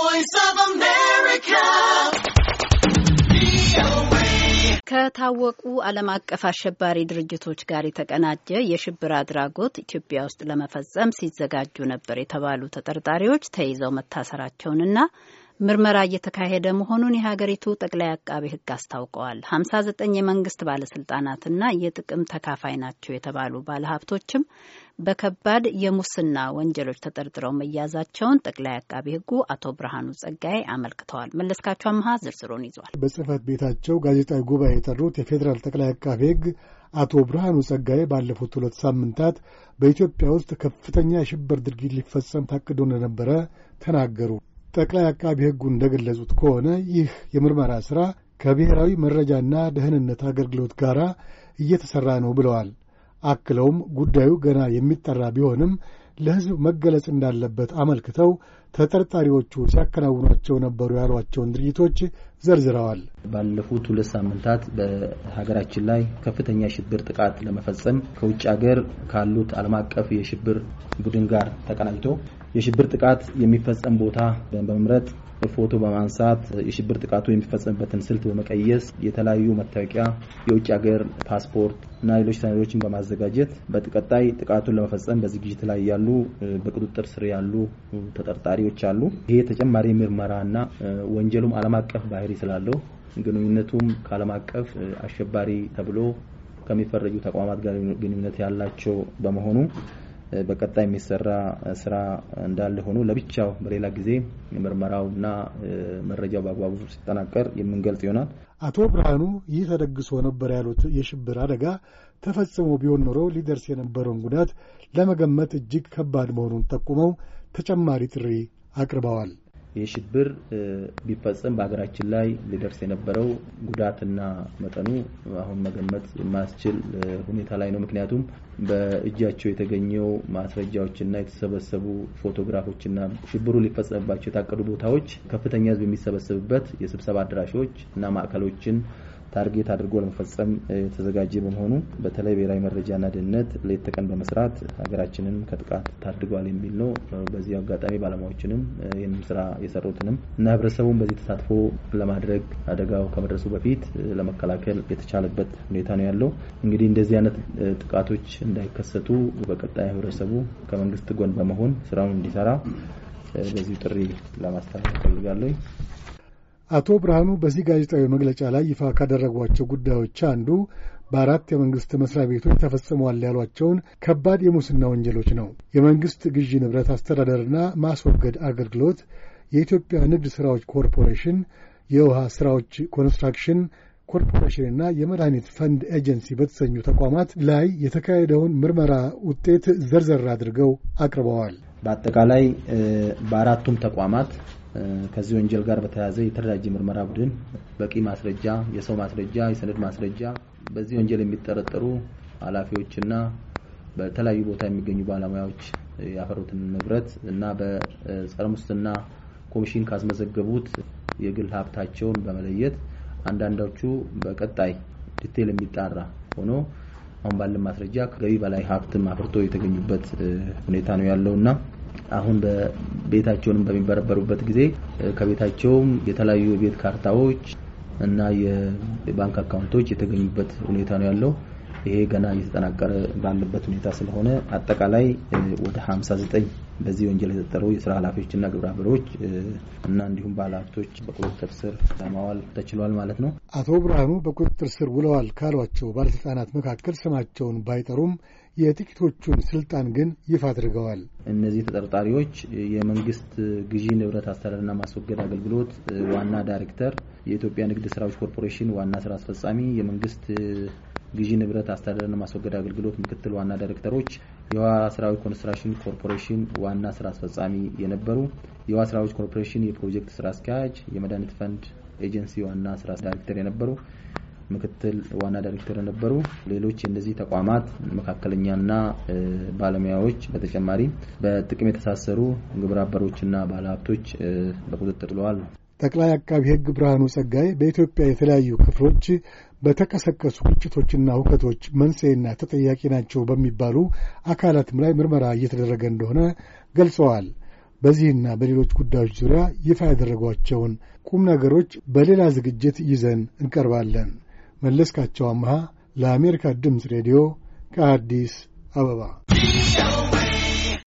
voice of America. ከታወቁ ዓለም አቀፍ አሸባሪ ድርጅቶች ጋር የተቀናጀ የሽብር አድራጎት ኢትዮጵያ ውስጥ ለመፈጸም ሲዘጋጁ ነበር የተባሉ ተጠርጣሪዎች ተይዘው መታሰራቸውንና ምርመራ እየተካሄደ መሆኑን የሀገሪቱ ጠቅላይ አቃቤ ሕግ አስታውቀዋል። ሀምሳ ዘጠኝ የመንግስት ባለስልጣናትና የጥቅም ተካፋይ ናቸው የተባሉ ባለሀብቶችም በከባድ የሙስና ወንጀሎች ተጠርጥረው መያዛቸውን ጠቅላይ አቃቤ ህጉ አቶ ብርሃኑ ጸጋዬ አመልክተዋል። መለስካቸው አመሀ ዝርዝሩን ይዟል። በጽህፈት ቤታቸው ጋዜጣዊ ጉባኤ የጠሩት የፌዴራል ጠቅላይ አቃቤ ህግ አቶ ብርሃኑ ጸጋዬ ባለፉት ሁለት ሳምንታት በኢትዮጵያ ውስጥ ከፍተኛ የሽብር ድርጊት ሊፈጸም ታቅዶ እንደነበረ ተናገሩ። ጠቅላይ አቃቢ ሕጉ እንደገለጹት ከሆነ ይህ የምርመራ ሥራ ከብሔራዊ መረጃና ደህንነት አገልግሎት ጋር እየተሠራ ነው ብለዋል። አክለውም ጉዳዩ ገና የሚጠራ ቢሆንም ለሕዝብ መገለጽ እንዳለበት አመልክተው ተጠርጣሪዎቹ ሲያከናውኗቸው ነበሩ ያሏቸውን ድርጊቶች ዘርዝረዋል። ባለፉት ሁለት ሳምንታት በሀገራችን ላይ ከፍተኛ የሽብር ጥቃት ለመፈጸም ከውጭ ሀገር ካሉት ዓለም አቀፍ የሽብር ቡድን ጋር ተቀናጅቶ የሽብር ጥቃት የሚፈጸም ቦታ በመምረጥ ፎቶ በማንሳት የሽብር ጥቃቱ የሚፈጸምበትን ስልት በመቀየስ የተለያዩ መታወቂያ፣ የውጭ ሀገር ፓስፖርት እና ሌሎች ሰነዶችን በማዘጋጀት በቀጣይ ጥቃቱን ለመፈጸም በዝግጅት ላይ ያሉ በቁጥጥር ስር ያሉ ተጠርጣሪዎች አሉ። ይሄ ተጨማሪ ምርመራና ወንጀሉም ዓለም አቀፍ ባህሪ ስላለው ግንኙነቱም ከዓለም አቀፍ አሸባሪ ተብሎ ከሚፈረጁ ተቋማት ጋር ግንኙነት ያላቸው በመሆኑ በቀጣይ የሚሰራ ስራ እንዳለ ሆኖ ለብቻው በሌላ ጊዜ ምርመራውና መረጃው በአግባቡ ሲጠናቀር የምንገልጽ ይሆናል። አቶ ብርሃኑ ይህ ተደግሶ ነበር ያሉት የሽብር አደጋ ተፈጽሞ ቢሆን ኖሮ ሊደርስ የነበረውን ጉዳት ለመገመት እጅግ ከባድ መሆኑን ጠቁመው ተጨማሪ ጥሪ አቅርበዋል። የሽብር ቢፈጽም በሀገራችን ላይ ሊደርስ የነበረው ጉዳትና መጠኑ አሁን መገመት የማያስችል ሁኔታ ላይ ነው። ምክንያቱም በእጃቸው የተገኘው ማስረጃዎችና የተሰበሰቡ ፎቶግራፎችና ሽብሩ ሊፈጸምባቸው የታቀዱ ቦታዎች ከፍተኛ ሕዝብ የሚሰበሰብበት የስብሰባ አዳራሾች እና ማዕከሎችን ታርጌት አድርጎ ለመፈጸም የተዘጋጀ በመሆኑ በተለይ ብሔራዊ መረጃና ደህንነት ሌት ተቀን በመስራት ሀገራችንን ከጥቃት ታድጓል የሚል ነው። በዚህ አጋጣሚ ባለሙያዎችንም ይህንም ስራ የሰሩትንም እና ህብረተሰቡን በዚህ ተሳትፎ ለማድረግ አደጋው ከመድረሱ በፊት ለመከላከል የተቻለበት ሁኔታ ነው ያለው። እንግዲህ እንደዚህ አይነት ጥቃቶች እንዳይከሰቱ በቀጣይ ህብረተሰቡ ከመንግስት ጎን በመሆን ስራውን እንዲሰራ በዚሁ ጥሪ ለማስተላለፍ ፈልጋለሁ። አቶ ብርሃኑ በዚህ ጋዜጣዊ መግለጫ ላይ ይፋ ካደረጓቸው ጉዳዮች አንዱ በአራት የመንግሥት መስሪያ ቤቶች ተፈጽመዋል ያሏቸውን ከባድ የሙስና ወንጀሎች ነው። የመንግሥት ግዢ ንብረት አስተዳደርና ማስወገድ አገልግሎት፣ የኢትዮጵያ ንግድ ሥራዎች ኮርፖሬሽን፣ የውሃ ሥራዎች ኮንስትራክሽን ኮርፖሬሽንና የመድኃኒት ፈንድ ኤጀንሲ በተሰኙ ተቋማት ላይ የተካሄደውን ምርመራ ውጤት ዘርዘር አድርገው አቅርበዋል። በአጠቃላይ በአራቱም ተቋማት ከዚህ ወንጀል ጋር በተያያዘ የተደራጀ ምርመራ ቡድን በቂ ማስረጃ፣ የሰው ማስረጃ፣ የሰነድ ማስረጃ በዚህ ወንጀል የሚጠረጠሩ ኃላፊዎችና በተለያዩ ቦታ የሚገኙ ባለሙያዎች ያፈሩትን ንብረት እና በጸረ ሙስና ኮሚሽን ካስመዘገቡት የግል ሀብታቸውን በመለየት አንዳንዶቹ በቀጣይ ዲቴል የሚጣራ ሆኖ አሁን ባለን ማስረጃ ከገቢ በላይ ሀብትም አፍርቶ የተገኙበት ሁኔታ ነው ያለው እና አሁን ቤታቸውንም በሚበረበሩበት ጊዜ ከቤታቸውም የተለያዩ የቤት ካርታዎች እና የባንክ አካውንቶች የተገኙበት ሁኔታ ነው ያለው። ይሄ ገና እየተጠናቀረ ባለበት ሁኔታ ስለሆነ አጠቃላይ ወደ 59 በዚህ ወንጀል የተጠረው የስራ ኃላፊዎችና ግብረ አበሮች እና እንዲሁም ባለሀብቶች በቁጥጥር ስር ለማዋል ተችሏል ማለት ነው። አቶ ብርሃኑ በቁጥጥር ስር ውለዋል ካሏቸው ባለስልጣናት መካከል ስማቸውን ባይጠሩም የጥቂቶቹን ስልጣን ግን ይፋ አድርገዋል። እነዚህ ተጠርጣሪዎች የመንግስት ግዢ ንብረት አስተዳደርና ማስወገድ አገልግሎት ዋና ዳይሬክተር፣ የኢትዮጵያ ንግድ ስራዎች ኮርፖሬሽን ዋና ስራ አስፈጻሚ፣ የመንግስት ግዢ ንብረት አስተዳደርና ማስወገድ አገልግሎት ምክትል ዋና ዳይሬክተሮች፣ የውሃ ስራዎች ኮንስትራክሽን ኮርፖሬሽን ዋና ስራ አስፈጻሚ የነበሩ፣ የውሃ ስራዎች ኮርፖሬሽን የፕሮጀክት ስራ አስኪያጅ፣ የመድኃኒት ፈንድ ኤጀንሲ ዋና ስራ ዳይሬክተር የነበሩ ምክትል ዋና ዳይሬክተር የነበሩ ሌሎች የእነዚህ ተቋማት መካከለኛና ባለሙያዎች በተጨማሪ በጥቅም የተሳሰሩ ግብረ አበሮችና ባለሀብቶች በቁጥጥር ጥለዋል። ጠቅላይ አቃቢ ሕግ ብርሃኑ ጸጋይ በኢትዮጵያ የተለያዩ ክፍሎች በተቀሰቀሱ ግጭቶችና ሁከቶች መንስኤና ተጠያቂ ናቸው በሚባሉ አካላትም ላይ ምርመራ እየተደረገ እንደሆነ ገልጸዋል። በዚህና በሌሎች ጉዳዮች ዙሪያ ይፋ ያደረጓቸውን ቁም ነገሮች በሌላ ዝግጅት ይዘን እንቀርባለን። መለስካቸው አምሃ ለአሜሪካ ድምፅ ሬዲዮ ከአዲስ አበባ